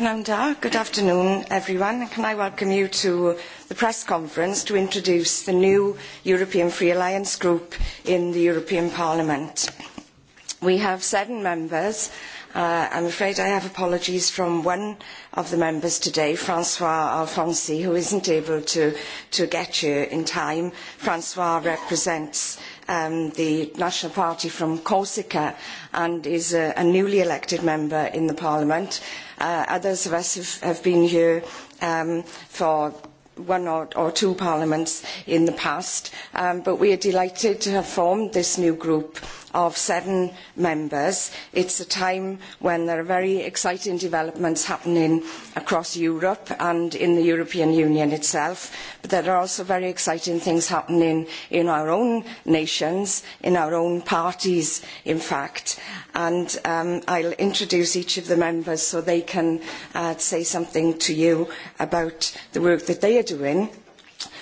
Good afternoon, everyone. Can I welcome you to the press conference to introduce the new European Free Alliance Group in the European Parliament. We have seven members. I'm afraid I have apologies from one of the members today, Francois Alfonsi, who isn't able to get here in time. Francois represents the National Party from Corsica and is a newly elected member in the Parliament Others of us have been here for one or two parliaments in the past, but we are delighted to have formed this new group of seven members. It's a time when there are very exciting developments happening across Europe and in the European Union itself, but there are also very exciting things happening in our own nations, in our own parties, in fact. And I'll introduce each of the members so they can say something to you about the work that they are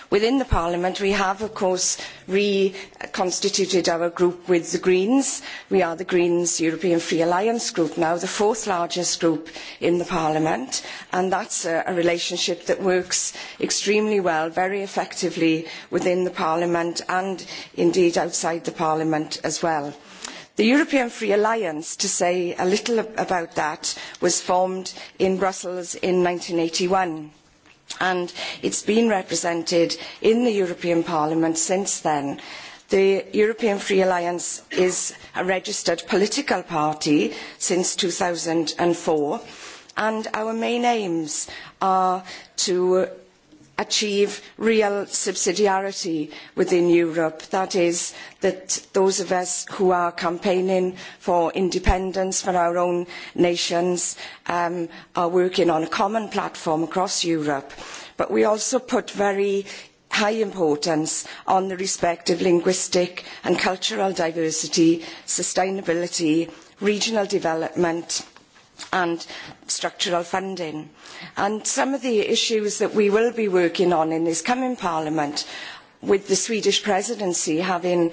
Within the Parliament we have of course reconstituted our group with the Greens. We are the Greens European Free Alliance group now, the fourth largest group in the Parliament and that's a relationship that works extremely well, very effectively within the Parliament and indeed outside the Parliament as well. The European Free Alliance, to say a little about that, was formed in Brussels in 1981 and it's been represented in the European Parliament since then. The European Free Alliance is a registered political party since 2004 and our main aims are to achieve real subsidiarity within Europe. That is, that those of us who are campaigning for independence for our own nations are working on a common platform across Europe. But we also put very high importance on the respective linguistic and cultural diversity, sustainability, regional development and structural funding. some of the issues that we will be working on in this coming Parliament, with the Swedish presidency having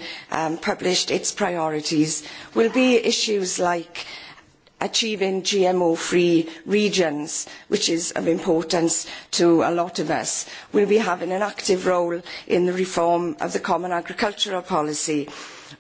published its priorities, will be issues like achieving GMO-free regions, which is of importance to a lot of us. We will be having an active role in the reform of the Common Agricultural Policy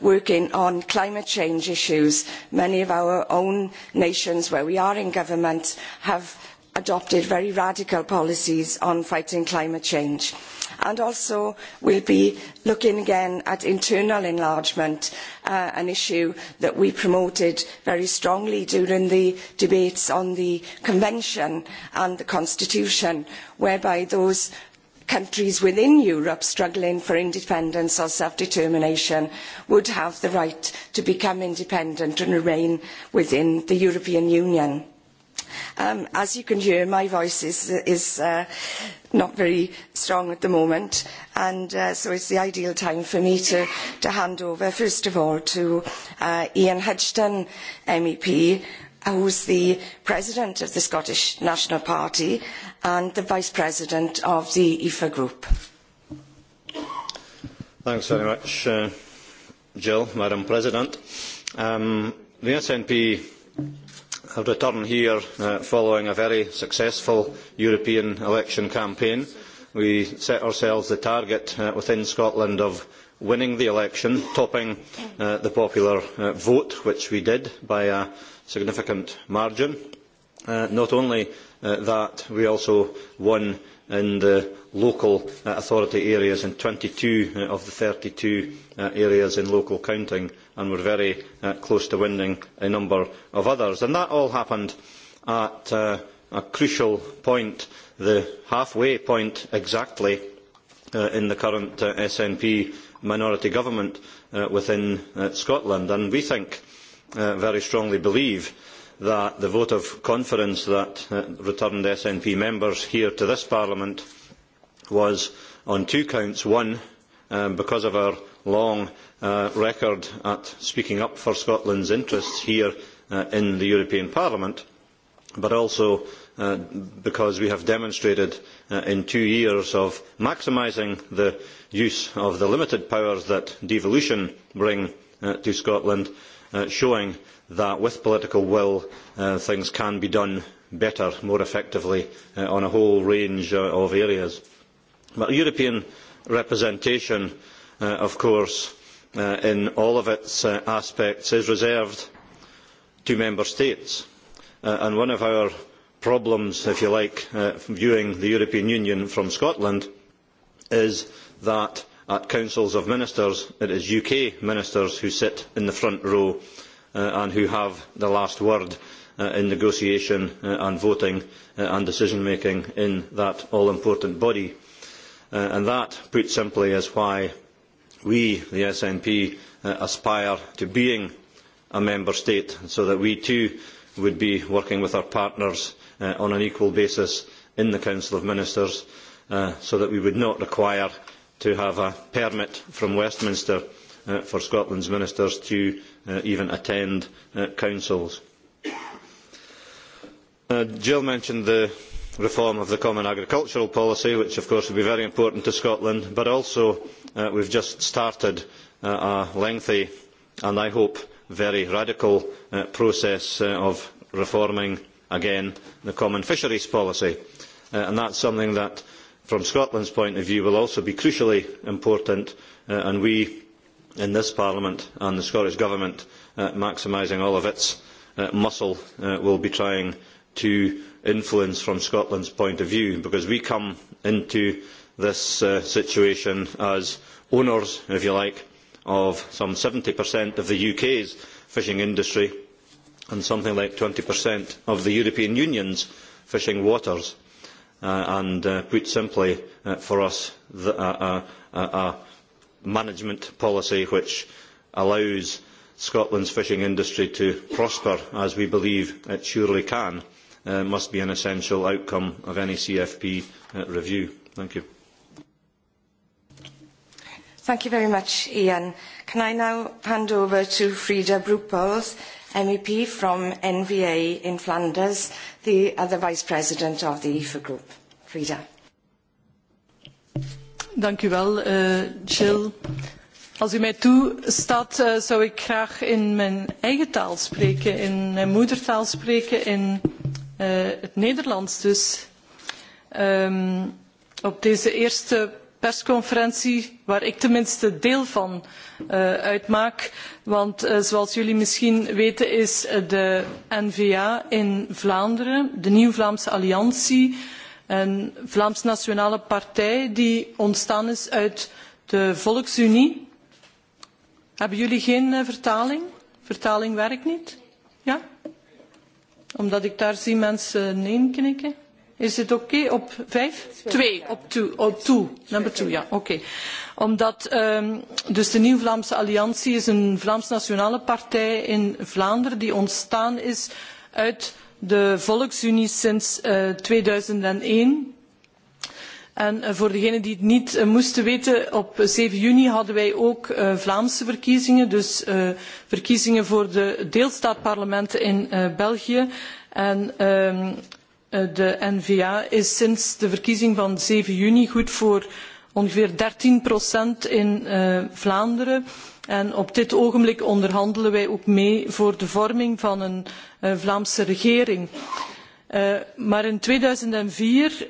working on climate change issues. Many of our own nations where we are in government have adopted very radical policies on fighting climate change. And also will be looking again at internal enlargement, an issue that we promoted very strongly during the debates on the Convention and the Constitution, whereby those countries within Europe struggling for independence or self-determination would have the right to become independent and remain within the European Union. As you can hear, my voice is not very strong at the moment, and so it's the ideal time for me to hand over, first of all, to Ian Hudgton, MEP who is the president of the Scottish National Party and the vice president of the EFA Group. Thanks very much, Jill, Madam President. The SNP have returned here following a very successful European election campaign. We set ourselves the target within Scotland of winning the election, topping the popular vote, which we did by a significant margin. Not only that, we also won in the local authority areas in 22 of the 32 areas in local counting and were very close to winning a number of others. And that all happened at a crucial point, the halfway point exactly in the current SNP minority government within Scotland. And we think very strongly believe that the vote of confidence that returned SNP members here to this Parliament was on two counts. One, because of our long record at speaking up for Scotland's interests here in the European Parliament, but also because we have demonstrated in two years of maximising the use of the limited powers that devolution brings to Scotland showing that with political will things can be done better, more effectively on a whole range of areas. But European representation, of course, in all of its aspects is reserved to Member States. And one of our problems, if you like, viewing the European Union from Scotland is that at councils of ministers it is uk ministers who sit in the front row and who have the last word in negotiation and voting and decision making in that all important body that put simply is why we the snp aspire to being a member state so that we too would be working with our partners on an equal basis in the council of ministers so that we would not require to have a permit from Westminster for Scotland's ministers to even attend councils. Jill mentioned the reform of the common agricultural policy, which of course will be very important to Scotland, but also we have just started a lengthy and I hope very radical process of reforming again the common fisheries policy. And that is something that from Scotland's point of view will also be crucially important and we in this Parliament and the Scottish Government maximising all of its muscle will be trying to influence from Scotland's point of view because we come into this situation as owners, if you like, of some 70% of the UK's fishing industry and something like 20% of the European Union's fishing waters and put simply for us a management policy which allows Scotland's fishing industry to prosper as we believe it surely can must be an essential outcome of any CFP review. Thank you. Thank you very much, Ian. Can I now hand over to Frida Brupels, MEP from NVA in Flanders, the other vice president of the EFA group. Frida. Dank u wel, Jill. Als u mij toestaat, zou ik graag in mijn eigen taal spreken, in mijn moedertaal spreken, in het Nederlands dus. Op deze eerste persconferentie waar ik tenminste deel van uitmaak want zoals jullie misschien weten is de N-VA in Vlaanderen de Nieuw Vlaamse Alliantie een Vlaams nationale partij die ontstaan is uit de Volksunie. Hebben jullie geen vertaling? Vertaling werkt niet? Ja? Omdat ik daar zie mensen nee knikken. Is het oké op vijf? Twee, op twee. Nummer twee, ja, oké. Omdat dus de Nieuw Vlaamse Alliantie is een Vlaams nationale partij in Vlaanderen die ontstaan is uit de Volksunie sinds 2001. En voor degenen die het niet moesten weten, op 7 juni hadden wij ook Vlaamse verkiezingen, dus verkiezingen voor de deelstaatparlementen in België. En de N-VA, is sinds de verkiezing van 7 juni goed voor ongeveer 13 procent in Vlaanderen. En op dit ogenblik onderhandelen wij ook mee voor de vorming van een Vlaamse regering. Maar in 2004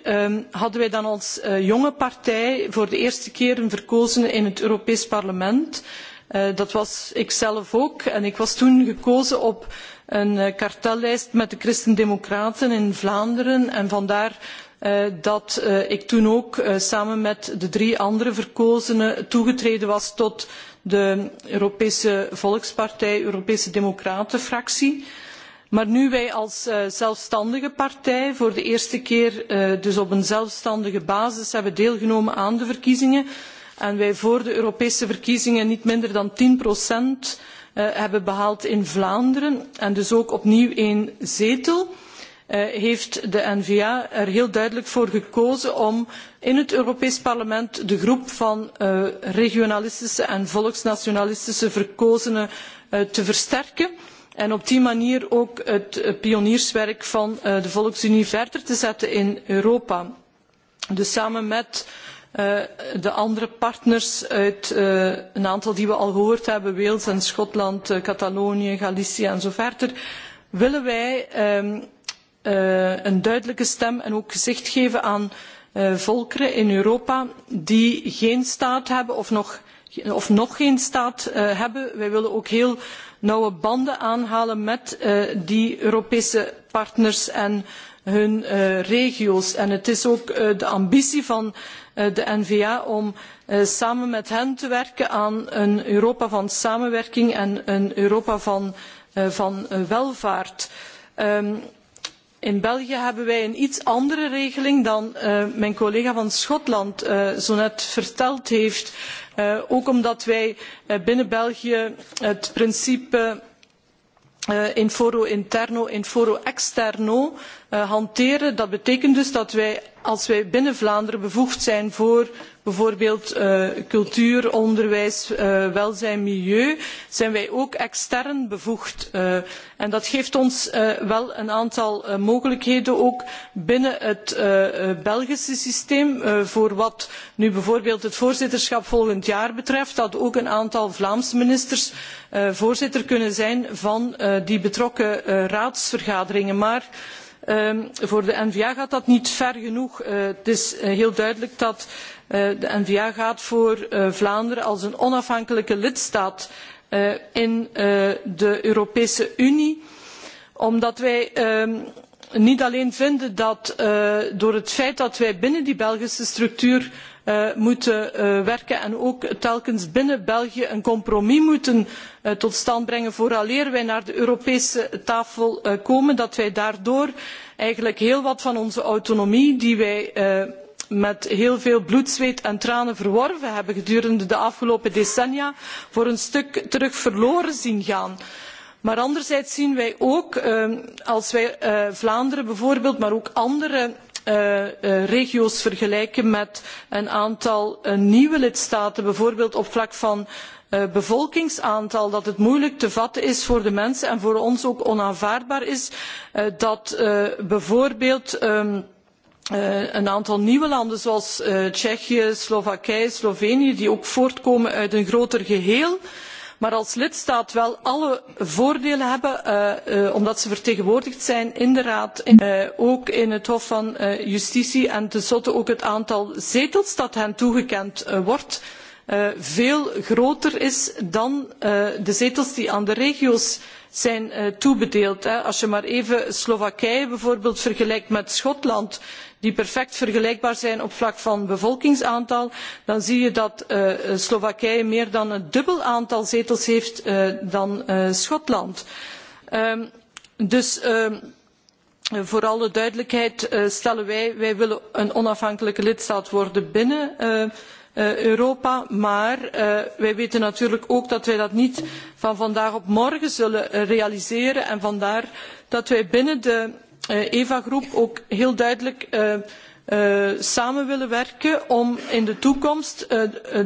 hadden wij dan als jonge partij voor de eerste keer een verkozen in het Europees Parlement dat was ik zelf ook en ik was toen gekozen op een kartellijst met de christen democraten in vlaanderen en vandaar dat ik toen ook samen met de drie andere verkozenen toegetreden was tot de europese volkspartij europese democraten fractie. maar nu wij als zelfstandige partij voor de eerste keer dus op een zelfstandige basis hebben deelgenomen aan de verkiezingen en wij voor de Europese verkiezingen niet minder dan 10% hebben behaald in Vlaanderen en dus ook opnieuw één zetel, heeft de N-VA er heel duidelijk voor gekozen om in het Europees Parlement de groep van regionalistische en volksnationalistische verkozenen te versterken en op die manier ook het pionierswerk van de Volksunie verder te zetten in Europa. Dus samen met de andere partners uit een aantal die we al gehoord hebben, Wales en Schotland, Catalonië, Galicië en zo verder, willen wij een duidelijke stem en ook gezicht geven aan volkeren in Europa die geen staat hebben of nog of nog geen staat hebben. Wij willen ook heel nauwe banden aanhalen met die Europese partners en hun regio's. het is ook de ambitie van de N VA om samen met hen te werken aan een Europa van samenwerking en een Europa van welvaart. In België hebben wij een iets andere regeling dan mijn collega van Schotland zo net verteld heeft ook omdat wij binnen belgië het principe in foro interno in foro externo hanteren. dat betekent dus dat wij als wij binnen vlaanderen bevoegd zijn voor bijvoorbeeld cultuur, onderwijs, welzijn, milieu, zijn wij ook extern bevoegd. En dat geeft ons wel een aantal mogelijkheden ook binnen het Belgische systeem voor wat nu bijvoorbeeld het voorzitterschap volgend jaar betreft, dat ook een aantal Vlaamse ministers voorzitter kunnen zijn van die betrokken raadsvergaderingen. Maar voor de N va gaat dat niet ver genoeg. Het is heel duidelijk dat de n va gaat voor vlaanderen als een onafhankelijke lidstaat in de europese unie omdat wij niet alleen vinden dat door het feit dat wij binnen die belgische structuur moeten werken en ook telkens binnen belgië een compromis moeten tot stand brengen vooraleer wij naar de europese tafel komen dat wij daardoor eigenlijk heel wat van onze autonomie die wij met heel veel bloed, zweet en tranen verworven hebben gedurende de afgelopen decennia, voor een stuk terug verloren zien gaan. Maar anderzijds zien wij ook, als wij Vlaanderen bijvoorbeeld, maar ook andere regio's vergelijken met een aantal nieuwe lidstaten, bijvoorbeeld op vlak van bevolkingsaantal dat het moeilijk te vatten is voor de mensen en voor ons ook onaanvaardbaar is dat bijvoorbeeld een aantal nieuwe landen zoals tsjechië slowakije slovenië die ook voortkomen uit een groter geheel maar als lidstaat wel alle voordelen hebben omdat ze vertegenwoordigd zijn in de raad ook in het hof van justitie en tenslotte ook het aantal zetels dat hen toegekend wordt veel groter is dan de zetels die aan de regio's zijn toebedeeld. als je maar even slowakije bijvoorbeeld vergelijkt met schotland die perfect vergelijkbaar zijn op vlak van bevolkingsaantal dan zie je dat slowakije meer dan het dubbel aantal zetels heeft dan schotland. dus voor alle duidelijkheid stellen wij wij willen een onafhankelijke lidstaat worden binnen europa maar wij weten natuurlijk ook dat wij dat niet van vandaag op morgen zullen realiseren en vandaar dat wij binnen eva groep ook heel duidelijk samen willen werken om in de toekomst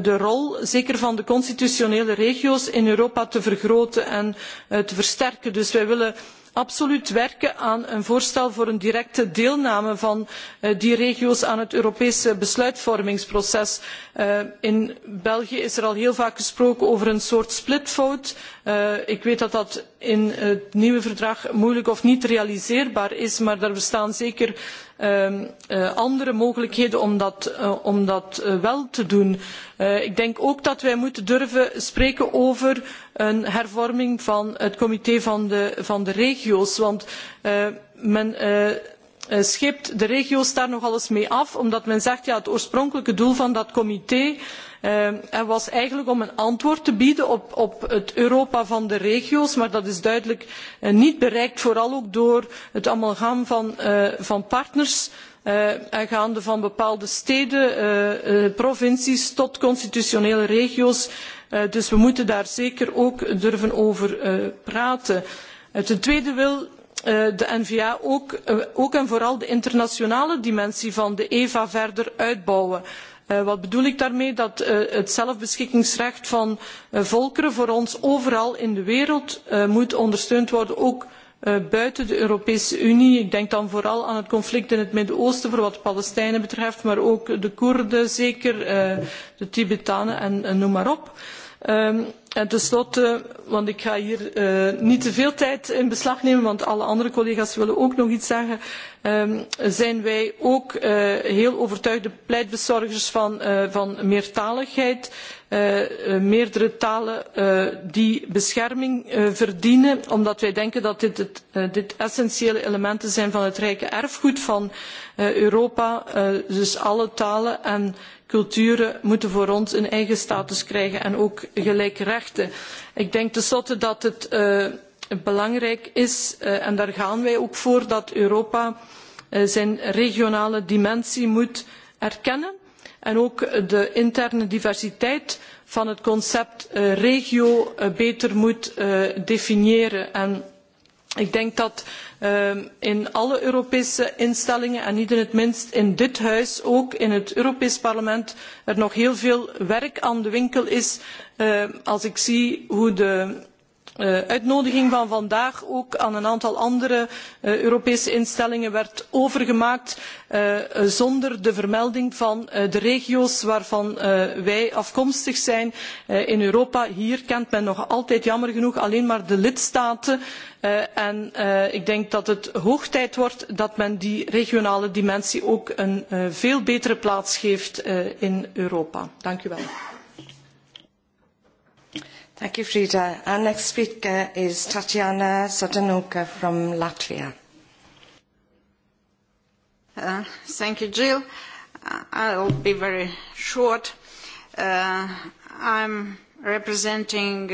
de rol zeker van de constitutionele regio's in europa te vergroten en te versterken. dus wij willen absoluut werken aan een voorstel voor een directe deelname van die regio's aan het Europese besluitvormingsproces. In België is er al heel vaak gesproken over een soort split vote. Ik weet dat dat in het nieuwe verdrag moeilijk of niet realiseerbaar is, maar daar bestaan zeker andere mogelijkheden om dat wel te doen. Ik denk ook dat wij moeten durven spreken over een hervorming van het comité van de regio's. Want men schept de regio's daar nogal eens mee af omdat men zegt ja het oorspronkelijke doel van dat comité was eigenlijk om een antwoord te bieden op het europa van de regio's maar dat is duidelijk niet bereikt vooral ook door het amalgam van partners gaande van bepaalde steden provincies tot constitutionele regio's dus we moeten daar zeker ook durven over praten. ten tweede wil de n va ook en vooral de internationale dimensie van de eva verder uitbouwen. wat bedoel ik daarmee? dat het zelfbeschikkingsrecht van volkeren voor ons overal in de wereld moet ondersteund worden ook buiten de europese unie. ik denk dan vooral aan het conflict in het midden oosten voor wat de palestijnen betreft maar ook de koerden zeker de tibetanen en noem maar op. En tenslotte, want ik ga hier niet te veel tijd in beslag nemen, want alle andere collega's willen ook nog iets zeggen, zijn wij ook heel overtuigde pleitbezorgers van meertaligheid, meerdere talen die bescherming verdienen, omdat wij denken dat dit essentiële elementen zijn van het rijke erfgoed van Europa, dus alle talen en culturen moeten voor ons een eigen status krijgen en ook gelijke rechten. Ik denk tenslotte dat het belangrijk is, en daar gaan wij ook voor, dat Europa zijn regionale dimensie moet erkennen en ook de interne diversiteit van het concept regio beter moet definiëren. Ik denk dat in alle Europese instellingen en niet in het minst in dit huis, ook in het Europees Parlement, er nog heel veel werk aan de winkel is als ik zie hoe de uitnodiging van vandaag ook aan een aantal andere Europese instellingen werd overgemaakt zonder de vermelding van de regio's waarvan wij afkomstig zijn in Europa. Hier kent men nog altijd jammer genoeg alleen maar de lidstaten en ik denk dat het hoog tijd wordt dat men die regionale dimensie ook een veel betere plaats geeft in Europa. Dank u wel. Thank you, Frida. Our next speaker is Tatiana Sadanoka from Latvia. Thank you, Jill. I'll be very short. I'm representing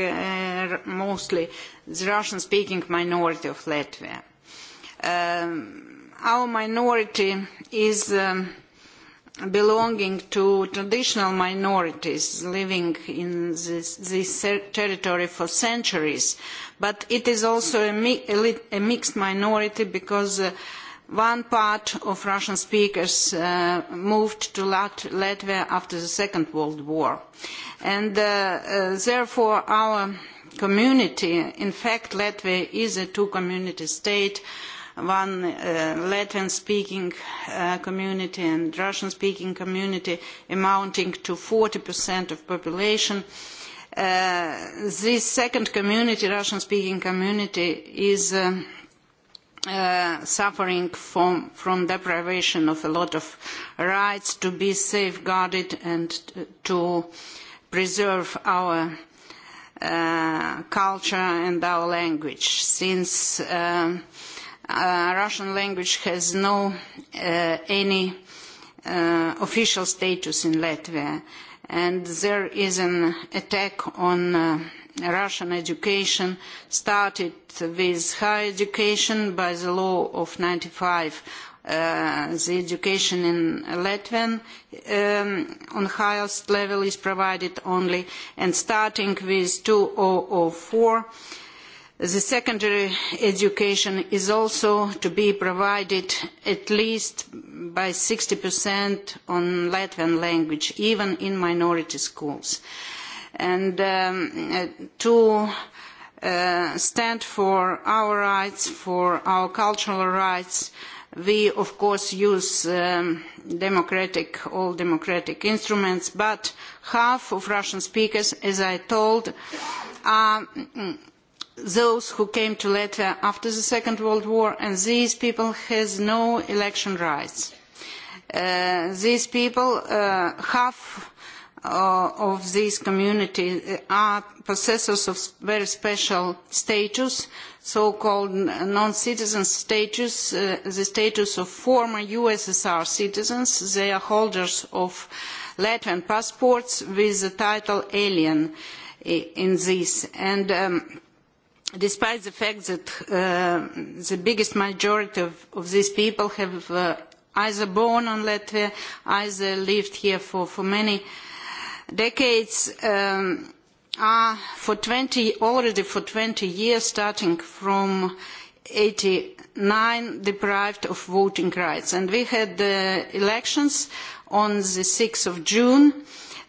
mostly the Russian-speaking minority of Latvia. Our minority is belonging to traditional minorities living in this territory for centuries but it is also a mixed minority because one part of russian speakers moved to latvia after the second world war and therefore our community in fact latvia is a two community state one Latin speaking community and Russian speaking community amounting to 40% of population. This second community, Russian speaking community, is suffering from deprivation of a lot of rights to be safeguarded and to preserve our culture and our language. Since Russian language has no any official status in Latvia, and there is an attack on Russian education started with higher education by the law of 95. The education in Latvian on highest level is provided only, and starting with 2004 the secondary education is also to be provided at least by 60% on Latvian language, even in minority schools. And to stand for our rights, for our cultural rights, we of course use democratic, all democratic instruments, but half of Russian speakers, as I told, are those who came to Latvia after the Second World War, and these people has no election rights. These people, half of these communities are possessors of very special status, so-called non-citizen status, the status of former USSR citizens. They are holders of Latvian passports with the title alien in this. And despite the fact that the biggest majority of these people have either born on Latvia, either lived here for many decades, are for 20, already for 20 years, starting from 89, deprived of voting rights. And we had elections on the 6th of June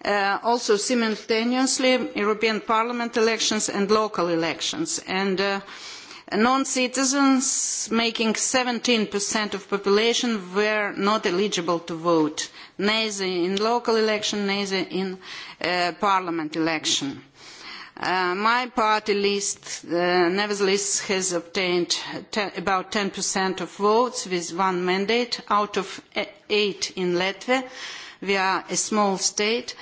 also simultaneously European Parliament elections and local elections. And non-citizens, making 17% of population, were not eligible to vote, neither in local election, neither in Parliament election. My party list, nevertheless, has obtained about 10% of votes with one mandate out of eight in Latvia we are a small state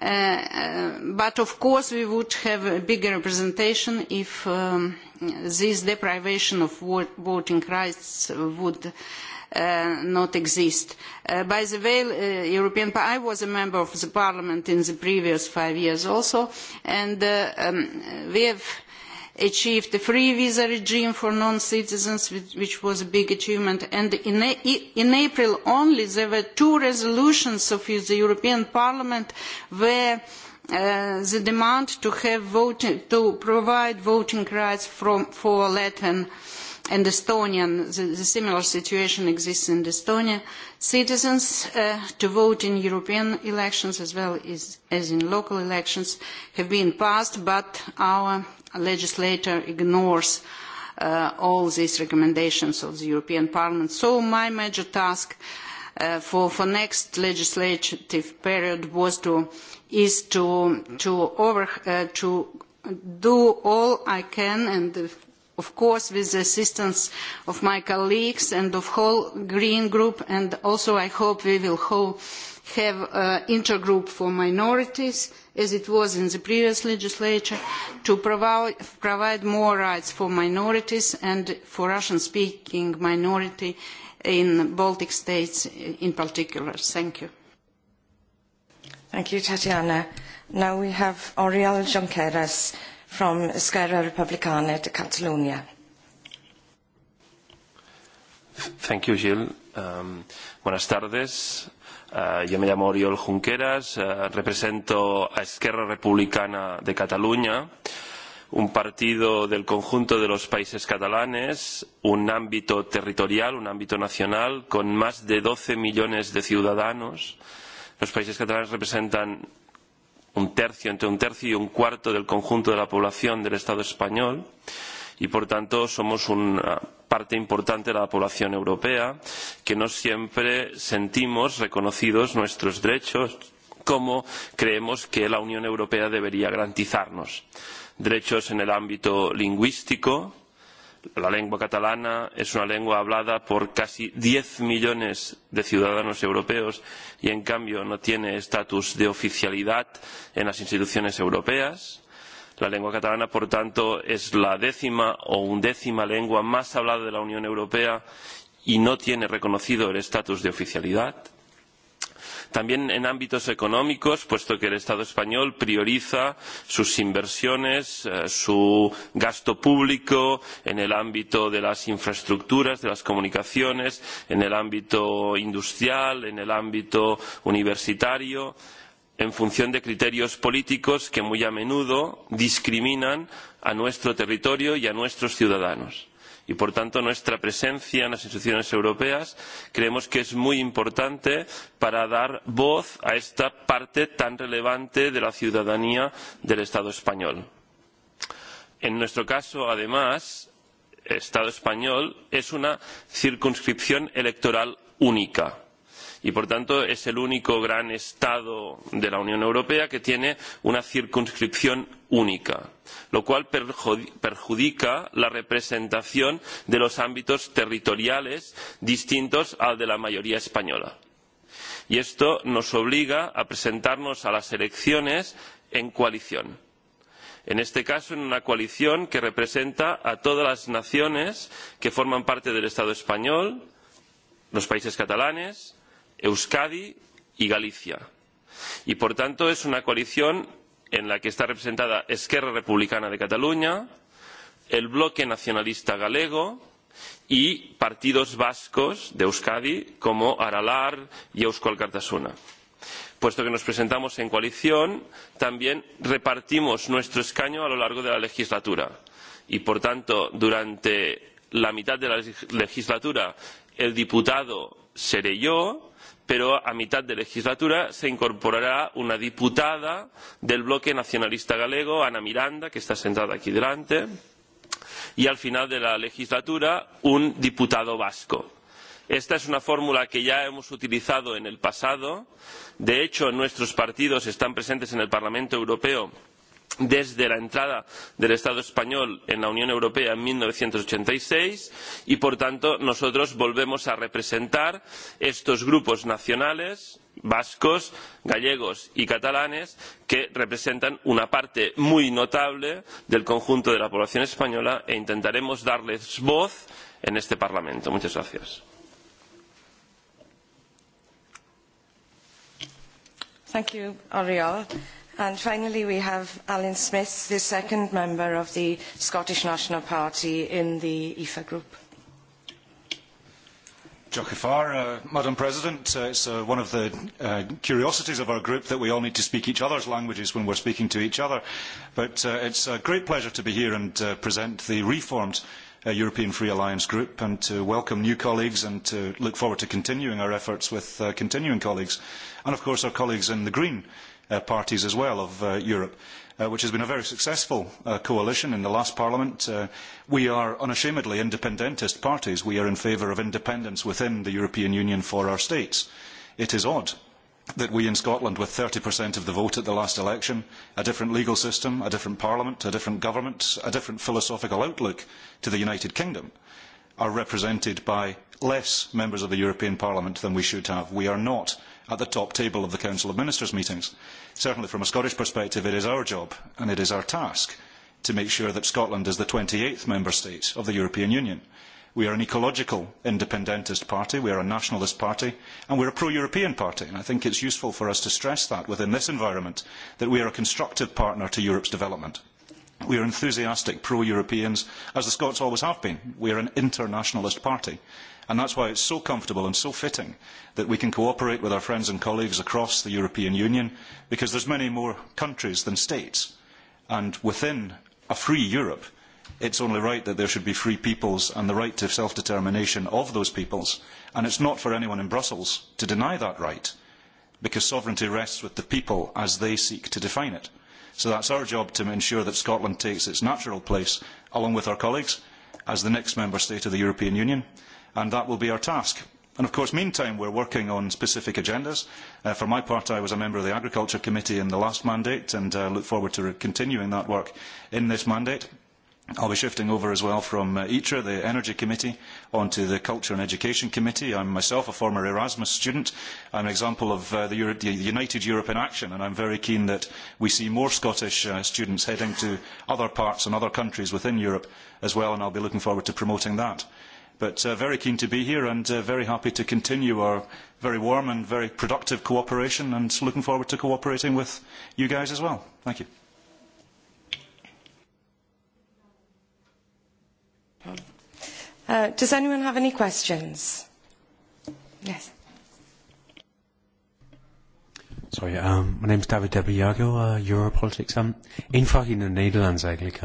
but of course we would have a bigger representation if this deprivation of voting rights would not exist. By the way, European I was a member of the Parliament in the previous five years also, and we have achieved a free visa regime for non-citizens, which was a big achievement. And in April only, there were two resolutions of the European Parliament where the demand to to provide voting rights for Latvian and Estonian, the similar situation exists in Estonia, citizens to vote in European elections as well as in local elections have been passed, but our legislator ignores all these recommendations of the European Parliament. So my major task for the next legislative period was to is to do all I can and of course with the assistance of my colleagues and of the whole green group and also i hope we will have an intergroup for minorities as it was in the previous legislature to provide more rights for minorities and for russian speaking minority in baltic states in particular. thank you. thank you tatiana. now we have oriol junqueras from Esquerra Republicana de Catalunya. Thank you, Jill. Buenas tardes. Yo me llamo Oriol Junqueras, represento a Esquerra Republicana de Cataluña, un partido del conjunto de los países catalanes, un ámbito territorial, un ámbito nacional, con más de 12 millones de ciudadanos. Los países catalanes representan un tercio, entre un tercio y un cuarto del conjunto de la población del Estado español y, por tanto, somos una parte importante de la población europea que no siempre sentimos reconocidos nuestros derechos como creemos que la Unión Europea debería garantizarnos. Derechos en el ámbito lingüístico, la lengua catalana es una lengua hablada por casi diez millones de ciudadanos europeos y en cambio no tiene estatus de oficialidad en las instituciones europeas. La lengua catalana, por tanto, es la décima o undécima lengua más hablada de la Unión Europea y no tiene reconocido el estatus de oficialidad También en ámbitos económicos, puesto que el Estado español prioriza sus inversiones, su gasto público en el ámbito de las infraestructuras, de las comunicaciones, en el ámbito industrial, en el ámbito universitario, en función de criterios políticos que muy a menudo discriminan a nuestro territorio y a nuestros ciudadanos y por tanto nuestra presencia en las instituciones europeas creemos que es muy importante para dar voz a esta parte tan relevante de la ciudadanía del estado español. en nuestro caso además el estado español es una circunscripción electoral única y por tanto es el único gran estado de la unión europea que tiene una circunscripción única lo cual perjudica la representación de los ámbitos territoriales distintos al de la mayoría española y esto nos obliga a presentarnos a las elecciones en coalición en este caso en una coalición que representa a todas las naciones que forman parte del estado español los países catalanes Euskadi y Galicia. Y, por tanto, es una coalición en la que está representada Esquerra Republicana de Cataluña, el Bloque Nacionalista Galego y partidos vascos de Euskadi como Aralar y Eusko alkartasuna Puesto que nos presentamos en coalición, también repartimos nuestro escaño a lo largo de la legislatura y, por tanto, durante la mitad de la legislatura el diputado seré yo pero a mitad de legislatura se incorporará una diputada del bloque nacionalista galego ana miranda que está sentada aquí delante y al final de la legislatura un diputado vasco. Esta es una fórmula que ya hemos utilizado en el pasado. De hecho, nuestros partidos están presentes en el Parlamento Europeo desde la entrada del Estado español en la Unión Europea en 1986 y, por tanto, nosotros volvemos a representar estos grupos nacionales vascos, gallegos y catalanes que representan una parte muy notable del conjunto de la población española e intentaremos darles voz en este Parlamento. Muchas gracias. And finally we have Alan Smith, the second member of the Scottish National Party in the EFA group. Madam President, it's one of the curiosities of our group that we all need to speak each other's languages when we're speaking to each other. But it's a great pleasure to be here and present the reformed European Free Alliance group and to welcome new colleagues and to look forward to continuing our efforts with continuing colleagues and, of course, our colleagues in the Green parties as well of Europe, which has been a very successful coalition in the last Parliament. We are unashamedly independentist parties. We are in favour of independence within the European Union for our states. It is odd that we in Scotland, with 30% of the vote at the last election, a different legal system, a different Parliament, a different government, a different philosophical outlook to the United Kingdom, are represented by less members of the European Parliament than we should have. We are not at the top table of the Council of Ministers meetings. Certainly from a Scottish perspective, it is our job and it is our task to make sure that Scotland is the twenty eighth member state of the European Union. We are an ecological independentist party, we are a nationalist party, and we are a pro-European party. And I think it is useful for us to stress that within this environment, that we are a constructive partner to Europe's development. We are enthusiastic pro-Europeans, as the Scots always have been. We are an internationalist party. And that's why it's so comfortable and so fitting that we can cooperate with our friends and colleagues across the European Union, because there's many more countries than states. And within a free Europe, it's only right that there should be free peoples and the right to self-determination of those peoples. And it's not for anyone in Brussels to deny that right, because sovereignty rests with the people as they seek to define it. So that's our job to ensure that Scotland takes its natural place, along with our colleagues, as the next member state of the European Union, and that will be our task. And of course, meantime, we're working on specific agendas. For my part, I was a member of the Agriculture Committee in the last mandate, and I look forward to continuing that work in this mandate. I'll be shifting over as well from ITRA, the Energy Committee, onto the Culture and Education Committee. I'm myself a former Erasmus student. I'm an example of the United Europe in action, and I'm very keen that we see more Scottish students heading to other parts and other countries within Europe as well, and I'll be looking forward to promoting that. But very keen to be here and very happy to continue our very warm and very productive cooperation, and looking forward to cooperating with you guys as well. Thank you. Does anyone have any questions? Yes. Sorry, um, my is David Debiago, uh, Europolitics. Um, één vraag in het Nederlands eigenlijk.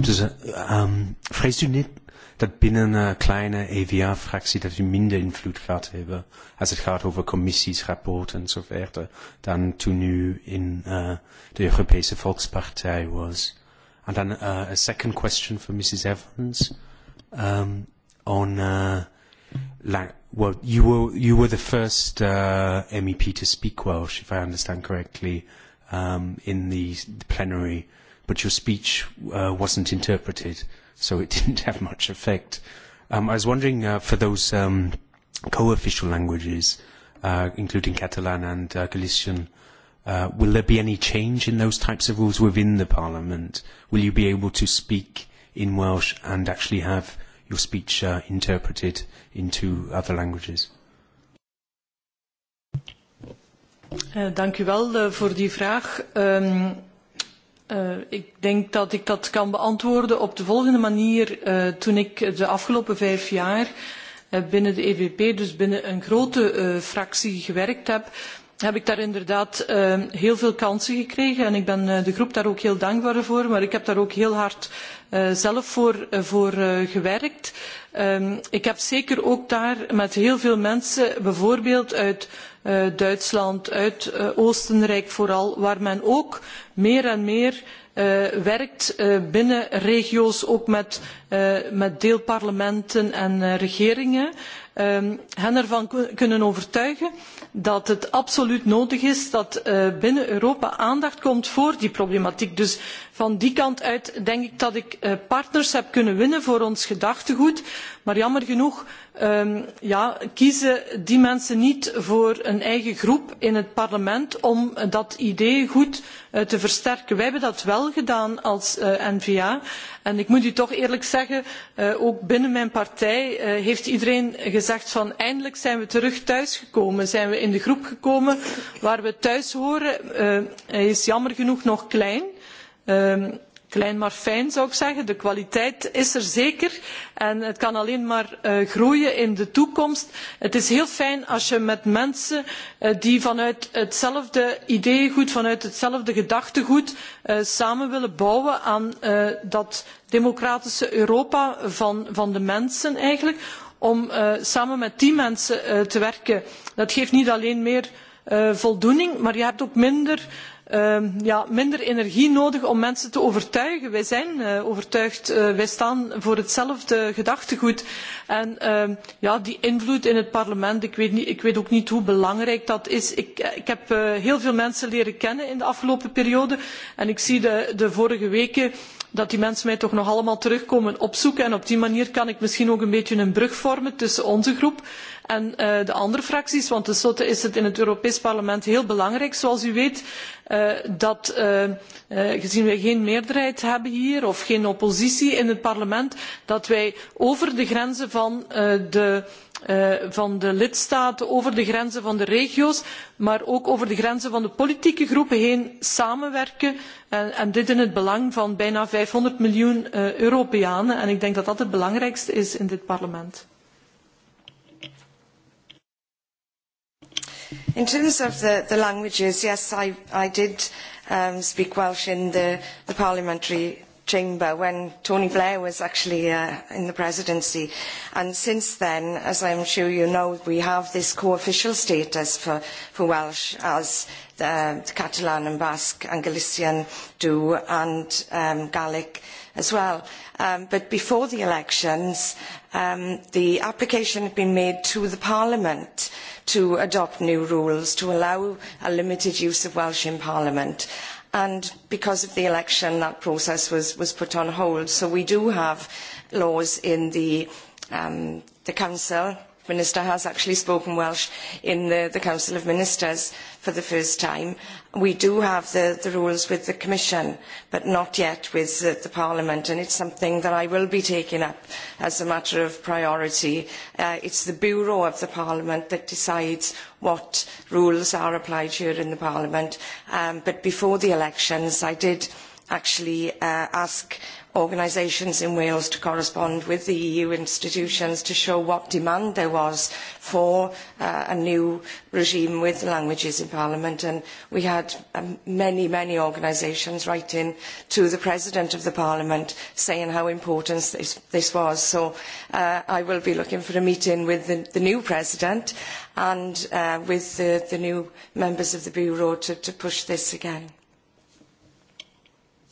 dus, um, vreest u niet dat binnen een kleine EVA-fractie dat u minder invloed gaat hebben als het gaat over commissies, rapporten enzovoort dan toen u in uh, de Europese Volkspartij was? And then uh, a second question for Mrs. Evans. Um, on well you were you were the first MEP to speak Welsh if I understand correctly um in the plenary but your speech wasn't interpreted so it didn't have much effect um I was wondering for those um co-official languages including Catalan and Galician will there be any change in those types of rules within the parliament will you be able to speak in Welsh and actually have your speech interpreted into other languages? Dank u wel voor die vraag. Ik denk dat ik dat kan beantwoorden op de volgende manier. Toen ik de afgelopen vijf jaar binnen de EVP, dus binnen een grote fractie, gewerkt heb, heb ik daar inderdaad heel veel kansen gekregen. En ik ben de groep daar ook heel dankbaar voor. Maar ik heb daar ook heel hard zelf voor gewerkt. Ik heb zeker ook daar met heel veel mensen, bijvoorbeeld uit Duitsland, uit Oostenrijk vooral, waar men ook meer en meer werkt binnen regio's, ook met deelparlementen en regeringen, hen ervan kunnen overtuigen dat het absoluut nodig is dat binnen Europa aandacht komt voor die problematiek. Dus van die kant uit denk ik dat ik partners heb kunnen winnen voor ons gedachtegoed, maar jammer genoeg kiezen die mensen niet voor een eigen groep in het parlement om dat idee goed te versterken. wij hebben dat wel gedaan als n va en ik moet u toch eerlijk zeggen ook binnen mijn partij heeft iedereen gezegd van eindelijk zijn we terug thuis gekomen zijn we in de groep gekomen waar we thuis horen is jammer genoeg nog klein klein maar fijn zou ik zeggen. De kwaliteit is er zeker en het kan alleen maar groeien in de toekomst. Het is heel fijn als je met mensen die vanuit hetzelfde goed, vanuit hetzelfde gedachtegoed samen willen bouwen aan dat democratische Europa van de mensen eigenlijk, om samen met die mensen te werken. Dat geeft niet alleen meer voldoening, maar je hebt ook minder minder energie nodig om mensen te overtuigen. Wij zijn overtuigd, wij staan voor hetzelfde gedachtegoed. En die invloed in het parlement, ik weet ook niet hoe belangrijk dat is. Ik heb heel veel mensen leren kennen in de afgelopen periode en ik zie de vorige weken dat die mensen mij toch nog allemaal terugkomen opzoeken. En op die manier kan ik misschien ook een beetje een brug vormen tussen onze groep en de andere fracties. Want tenslotte is het in het Europees Parlement heel belangrijk, zoals u weet, dat gezien wij geen meerderheid hebben hier of geen oppositie in het parlement, dat wij over de grenzen van de van de lidstaten over de grenzen van de regio's maar ook over de grenzen van de politieke groepen heen samenwerken en dit in het belang van bijna vijfhonderd miljoen europeanen en ik denk dat dat het belangrijkste is in dit parlement. In terms of the languages, yes, I did speak Welsh in the parliamentary chamber when Tony Blair was actually in the presidency. And since then, as I'm sure you know, we have this co-official status for Welsh as the Catalan and Basque and Galician do and Gaelic as well. But before the elections, the application had been made to the Parliament to adopt new rules to allow a limited use of Welsh in Parliament and because of the election that process was put on hold. So we do have laws in the Council Minister has actually spoken Welsh in the Council of Ministers for the first time. We do have the rules with the Commission, but not yet with the, Parliament, and it's something that I will be taking up as a matter of priority. It's the Bureau of the Parliament that decides what rules are applied here in the Parliament, but before the elections I did actually ask organisations in Wales to correspond with the EU institutions to show what demand there was for a new regime with languages in Parliament. And we had many, many organisations writing to the President of the Parliament saying how important this was. So I will be looking for a meeting with the new President and with the new members of the Bureau to push this again.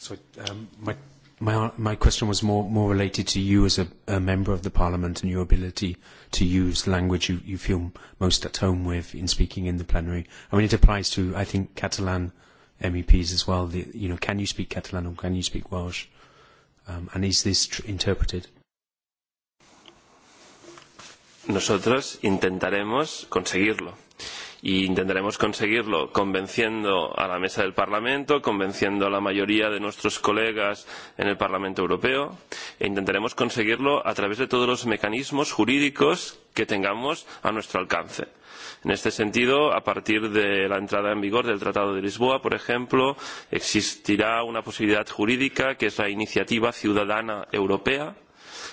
So my my question was more more related to you as a member of the Parliament and your ability to use language you you feel most at home with in speaking in the plenary. I mean, it applies to I think Catalan MEPs as well. You know, can you speak Catalan or can you speak Welsh? And is this interpreted? Nosotros intentaremos conseguirlo y intentaremos conseguirlo convenciendo a la mesa del Parlamento, convenciendo a la mayoría de nuestros colegas en el Parlamento Europeo e intentaremos conseguirlo a través de todos los mecanismos jurídicos que tengamos a nuestro alcance. En este sentido, a partir de la entrada en vigor del Tratado de Lisboa, por ejemplo, existirá una posibilidad jurídica que es la iniciativa ciudadana europea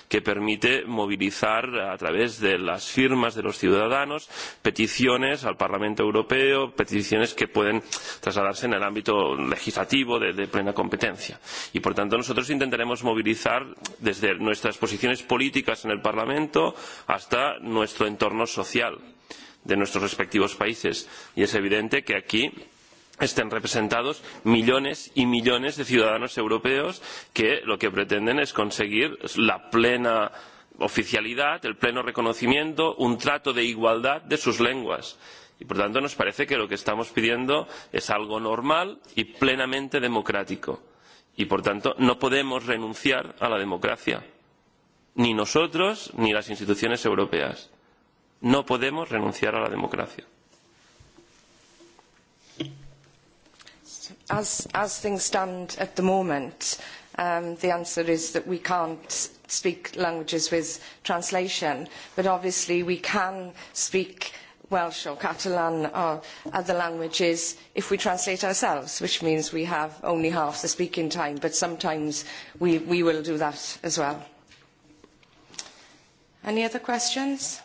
que permite movilizar a través de las firmas de los ciudadanos peticiones al Parlamento Europeo, peticiones que pueden trasladarse en el ámbito legislativo de plena competencia. Y, por tanto, nosotros intentaremos movilizar desde nuestras posiciones políticas en el Parlamento hasta nuestro entorno social de nuestros respectivos países. Y es evidente que aquí estén representados millones y millones de ciudadanos europeos que lo que pretenden es conseguir la plena oficialidad, el pleno reconocimiento, un trato de igualdad de sus lenguas. Y, por tanto, nos parece que lo que estamos pidiendo es algo normal y plenamente democrático. Y, por tanto, no podemos renunciar a la democracia. Ni nosotros ni las instituciones europeas. No podemos renunciar a la democracia. As things stand at the moment, the answer is that we can't speak languages with translation, but obviously we can speak Welsh or Catalan or other languages if we translate ourselves, which means we have only half the speaking time, but sometimes we will do that as well. Any other questions?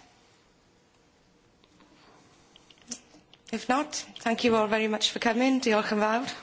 If not, thank you all very much for coming. all come out?